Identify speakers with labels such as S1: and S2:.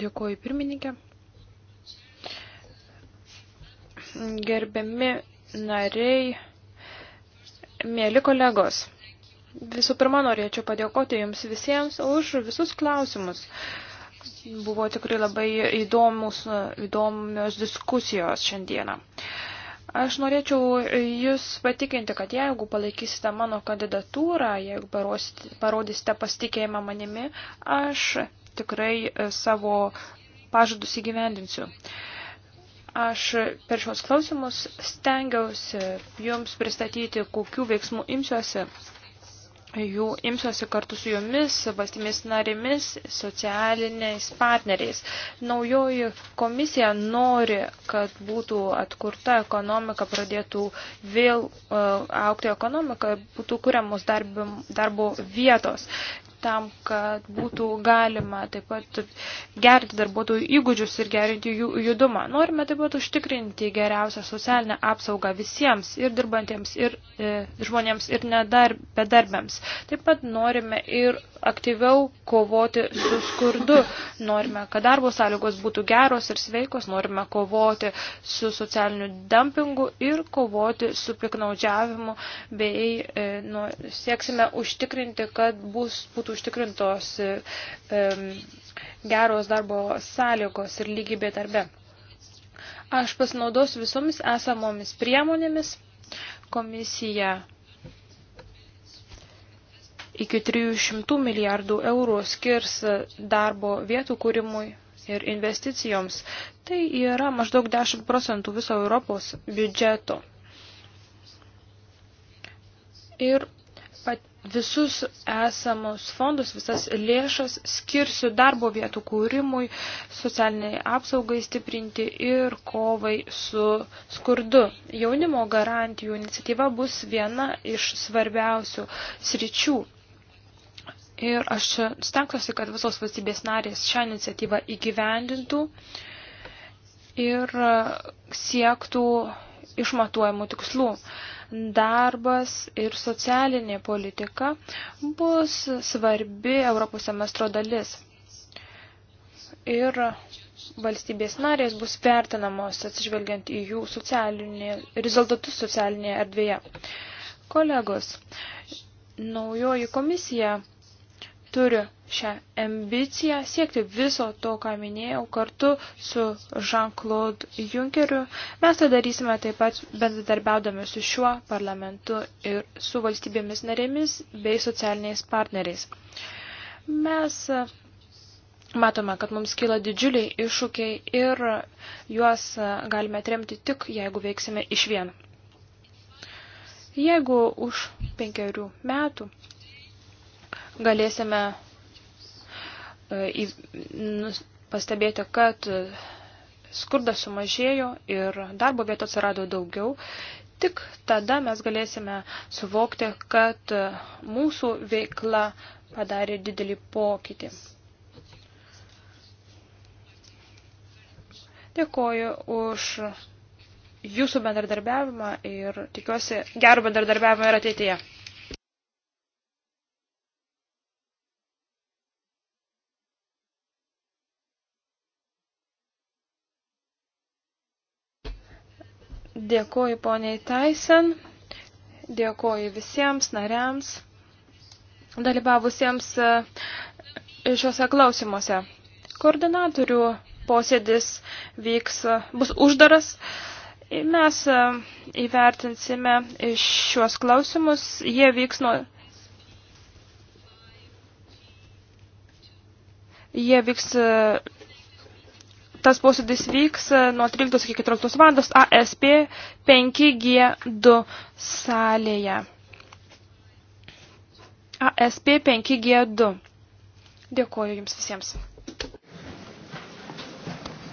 S1: Dėkuoju pirmininkė. Gerbiami nariai, mėly kolegos. Visų pirma, norėčiau padėkoti Jums visiems už visus klausimus. Buvo tikrai labai įdomus, įdomios diskusijos šiandieną. Aš norėčiau Jūs patikinti, kad jeigu palaikysite mano kandidatūrą, jeigu parodysite pasitikėjimą manimi, aš tikrai e, savo pažadus įgyvendinsiu. Aš per šios klausimus stengiausi jums pristatyti, kokių veiksmų imsiuosi. Jų imsiuosi kartu su jumis, valstybės narėmis, socialiniais partneriais. Naujoji komisija nori, kad būtų atkurta ekonomika, pradėtų vėl uh, aukti ekonomika, būtų kuriamos darbo vietos tam, kad būtų galima taip pat gerinti darbuotojų įgūdžius ir gerinti jų judumą. Norime taip pat užtikrinti geriausią socialinę apsaugą visiems ir dirbantiems ir e, žmonėms ir nedar, bedarbiams. Taip pat norime ir aktyviau kovoti su skurdu. Norime, kad darbo sąlygos būtų geros ir sveikos, norime kovoti su socialiniu dumpingu ir kovoti su piknaudžiavimu bei e, nu, sieksime užtikrinti, kad bus, būtų būtų užtikrintos geros darbo sąlygos ir lygybė darbe. Aš pasinaudosiu visomis esamomis priemonėmis. Komisija iki 300 milijardų eurų skirs darbo vietų kūrimui ir investicijoms. Tai yra maždaug 10 procentų viso Europos biudžeto. Ir visus esamus fondus, visas lėšas skirsiu darbo vietų kūrimui, socialiniai apsaugai stiprinti ir kovai su skurdu. Jaunimo garantijų iniciatyva bus viena iš svarbiausių sričių. Ir aš stengsiuosi, kad visos valstybės narės šią iniciatyvą įgyvendintų ir siektų išmatuojamų tikslų darbas ir socialinė politika bus svarbi Europos semestro dalis. Ir valstybės narės bus vertinamos atsižvelgiant į jų socialinį, rezultatus socialinėje erdvėje. Kolegos, naujoji komisija turi šią ambiciją siekti viso to, ką minėjau, kartu su Jean-Claude Junckeriu. Mes tai darysime taip pat bendradarbiaudami su šiuo parlamentu ir su valstybėmis narėmis bei socialiniais partneriais. Mes e, matome, kad mums kyla didžiuliai iššūkiai ir juos e, galime atremti tik, jeigu veiksime iš vien. Jeigu už penkerių metų galėsime e, nu, pastebėti, kad skurdas sumažėjo ir darbo vietų atsirado daugiau. Tik tada mes galėsime suvokti, kad mūsų veikla padarė didelį pokytį. Dėkoju už jūsų bendradarbiavimą ir tikiuosi gerų bendradarbiavimą ir ateityje. Dėkoju poniai Taisen, dėkoju visiems nariams, dalyvavusiems e, šiuose klausimuose. Koordinatorių posėdis vyks, e, bus uždaras. E, mes įvertinsime šiuos klausimus. Jie vyks nuo. Jie vyks Tas posėdis vyks e, nuo 13 iki 14 valandos ASP 5G2 salėje. ASP 5G2. Dėkuoju Jums visiems.